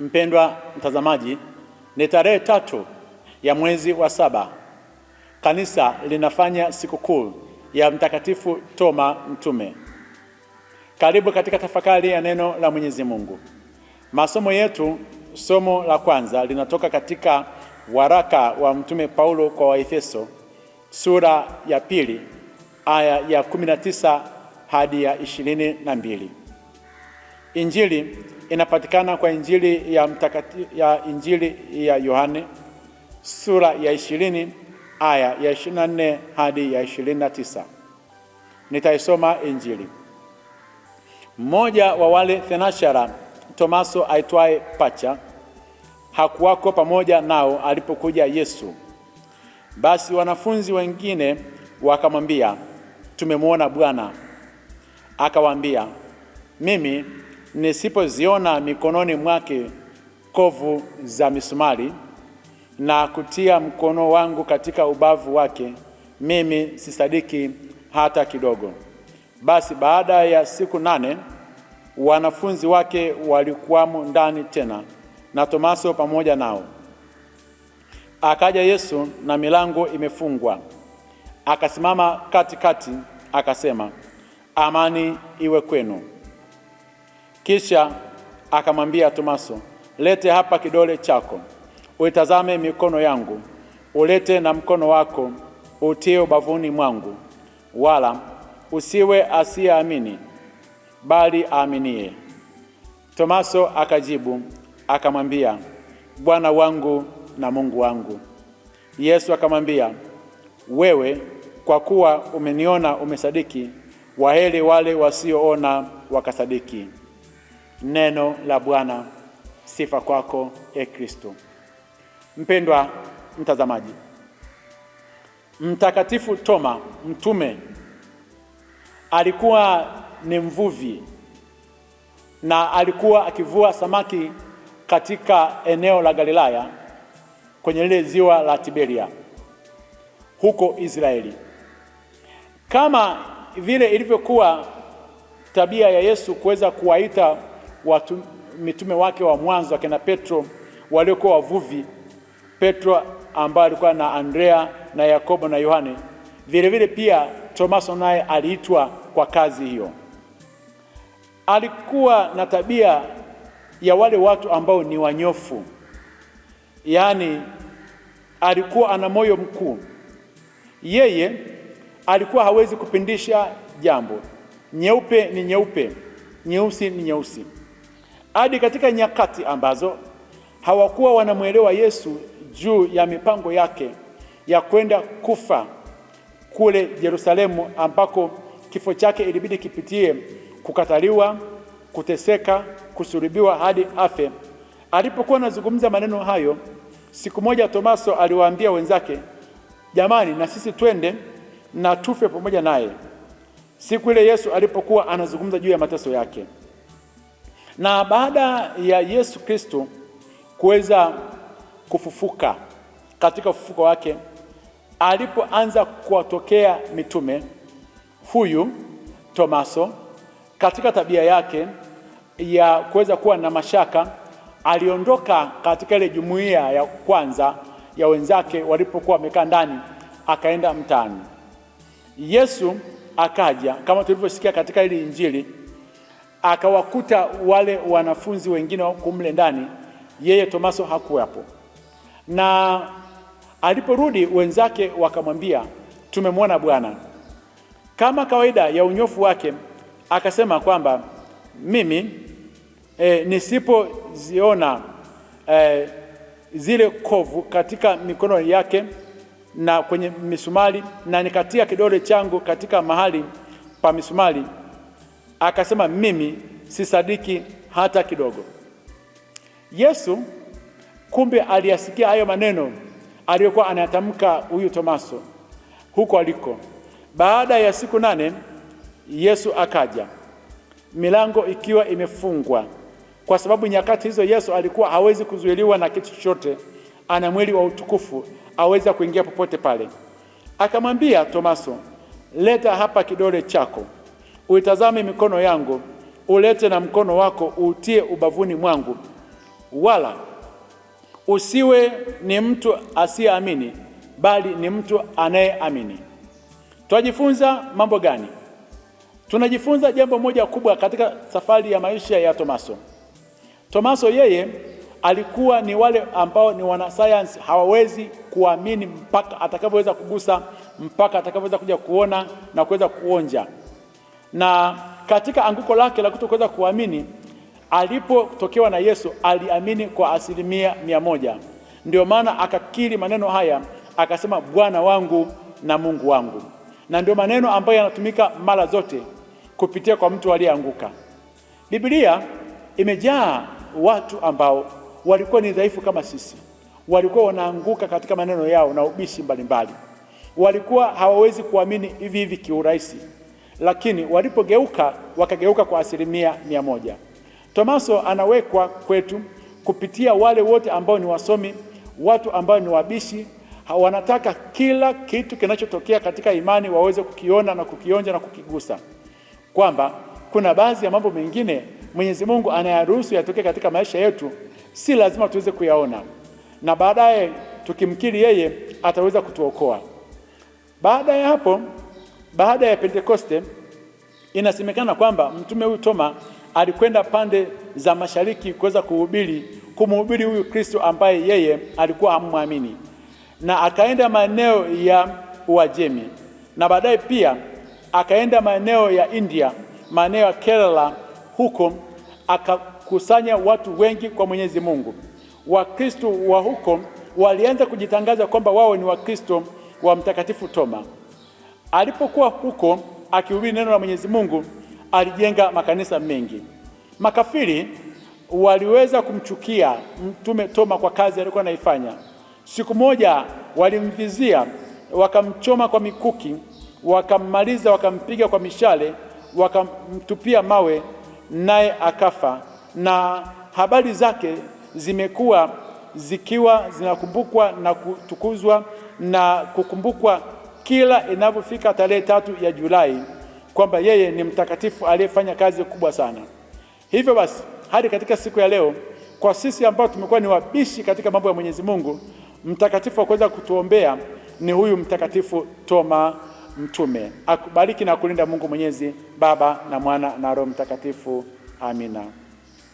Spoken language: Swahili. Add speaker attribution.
Speaker 1: Mpendwa mtazamaji, ni tarehe tatu ya mwezi wa saba kanisa linafanya sikukuu ya Mtakatifu Toma Mtume. Karibu katika tafakari ya neno la Mwenyezi Mungu. Masomo yetu, somo la kwanza linatoka katika waraka wa Mtume Paulo kwa Waefeso sura ya pili aya ya 19 hadi ya 22. Injili inapatikana kwa Injili ya mtakati, ya Injili ya Yohane sura ya 20 aya ya 24 hadi ya 29. Nitaisoma Injili. Mmoja wa wale thenashara Tomaso aitwaye Pacha hakuwako pamoja nao alipokuja Yesu. Basi wanafunzi wengine wakamwambia, tumemwona Bwana. Akawaambia, mimi nisipoziona mikononi mwake kovu za misumari na kutia mkono wangu katika ubavu wake, mimi sisadiki hata kidogo. Basi baada ya siku nane wanafunzi wake walikuwamo ndani tena, na Tomaso pamoja nao. Akaja Yesu na milango imefungwa, akasimama katikati, akasema, amani iwe kwenu. Kisha akamwambia Tomaso, lete hapa kidole chako, uitazame mikono yangu, ulete na mkono wako utie ubavuni mwangu, wala usiwe asiyeamini, bali aaminie. Tomaso akajibu akamwambia, Bwana wangu na Mungu wangu. Yesu akamwambia, wewe kwa kuwa umeniona umesadiki. Waheri wale wasioona wakasadiki. Neno la Bwana. Sifa kwako e Kristo. Mpendwa mtazamaji, Mtakatifu Toma mtume alikuwa ni mvuvi na alikuwa akivua samaki katika eneo la Galilaya kwenye lile ziwa la Tiberia huko Israeli, kama vile ilivyokuwa tabia ya Yesu kuweza kuwaita watu, mitume wake wa mwanzo akina Petro waliokuwa wavuvi, Petro ambaye alikuwa na Andrea na Yakobo na Yohane. Vilevile pia Tomaso naye aliitwa kwa kazi hiyo. Alikuwa na tabia ya wale watu ambao ni wanyofu, yaani alikuwa ana moyo mkuu. Yeye alikuwa hawezi kupindisha jambo. Nyeupe ni nyeupe, nyeusi ni nyeusi hadi katika nyakati ambazo hawakuwa wanamwelewa Yesu juu ya mipango yake ya kwenda kufa kule Yerusalemu ambako kifo chake ilibidi kipitie kukataliwa, kuteseka, kusulubiwa hadi afe. Alipokuwa anazungumza maneno hayo, siku moja Tomaso aliwaambia wenzake, jamani, na sisi twende na tufe pamoja naye. Siku ile Yesu alipokuwa anazungumza juu ya mateso yake na baada ya Yesu Kristo kuweza kufufuka katika ufufuko wake, alipoanza kuwatokea mitume, huyu Tomaso katika tabia yake ya kuweza kuwa na mashaka aliondoka katika ile jumuiya ya kwanza ya wenzake walipokuwa wamekaa ndani, akaenda mtaani. Yesu akaja kama tulivyosikia katika ile Injili akawakuta wale wanafunzi wengine kumle ndani, yeye Tomaso hakuwapo. Na aliporudi wenzake wakamwambia, tumemwona Bwana. Kama kawaida ya unyofu wake akasema kwamba mimi e, nisipoziona e, zile kovu katika mikono yake na kwenye misumari na nikatia kidole changu katika mahali pa misumari akasema mimi sisadiki hata kidogo. Yesu kumbe aliyasikia hayo maneno aliyokuwa anayatamka huyu Tomaso huko aliko. Baada ya siku nane Yesu akaja, milango ikiwa imefungwa, kwa sababu nyakati hizo Yesu alikuwa hawezi kuzuiliwa na kitu chochote, ana mwili wa utukufu, aweza kuingia popote pale. Akamwambia Tomaso, leta hapa kidole chako uitazame mikono yangu, ulete na mkono wako utie ubavuni mwangu, wala usiwe ni mtu asiyeamini, bali ni mtu anayeamini. Tunajifunza mambo gani? Tunajifunza jambo moja kubwa katika safari ya maisha ya Tomaso. Tomaso yeye alikuwa ni wale ambao ni wanasayansi hawawezi kuamini mpaka atakavyoweza kugusa, mpaka atakavyoweza kuja kuona na kuweza kuonja na katika anguko lake la kutokuweza kuamini, alipotokewa na Yesu aliamini kwa asilimia mia moja. Ndio maana akakiri maneno haya akasema, Bwana wangu na Mungu wangu, na ndio maneno ambayo yanatumika mara zote kupitia kwa mtu aliyeanguka. Biblia imejaa watu ambao walikuwa ni dhaifu kama sisi, walikuwa wanaanguka katika maneno yao na ubishi mbalimbali, walikuwa hawawezi kuamini hivi hivi kiurahisi lakini walipogeuka wakageuka kwa asilimia mia moja. Tomaso anawekwa kwetu kupitia wale wote ambao ni wasomi, watu ambao ni wabishi, wanataka kila kitu kinachotokea katika imani waweze kukiona na kukionja na kukigusa, kwamba kuna baadhi ya mambo mengine Mwenyezi Mungu anayaruhusu yatokee katika maisha yetu, si lazima tuweze kuyaona, na baadaye tukimkiri yeye ataweza kutuokoa. Baada ya hapo baada ya Pentekoste inasemekana kwamba mtume huyu Toma alikwenda pande za mashariki kuweza kuhubiri kumhubiri huyu Kristo ambaye yeye alikuwa hamwamini, na akaenda maeneo ya Uajemi na baadaye pia akaenda maeneo ya India, maeneo ya Kerala. Huko akakusanya watu wengi kwa Mwenyezi Mungu. Wakristo wa huko walianza kujitangaza kwamba wao ni Wakristo wa Mtakatifu Toma. Alipokuwa huko akihubiri neno la Mwenyezi Mungu, alijenga makanisa mengi. Makafiri waliweza kumchukia Mtume Toma kwa kazi aliyokuwa anaifanya. Siku moja walimvizia, wakamchoma kwa mikuki, wakammaliza, wakampiga kwa mishale, wakamtupia mawe, naye akafa. Na habari zake zimekuwa zikiwa zinakumbukwa na kutukuzwa na kukumbukwa kila inapofika tarehe tatu ya Julai kwamba yeye ni mtakatifu aliyefanya kazi kubwa sana. Hivyo basi hadi katika siku ya leo, kwa sisi ambao tumekuwa ni wabishi katika mambo ya Mwenyezi Mungu, mtakatifu wa kuweza kutuombea ni huyu mtakatifu Toma Mtume. Akubariki na kulinda Mungu Mwenyezi, Baba na Mwana na Roho Mtakatifu. Amina.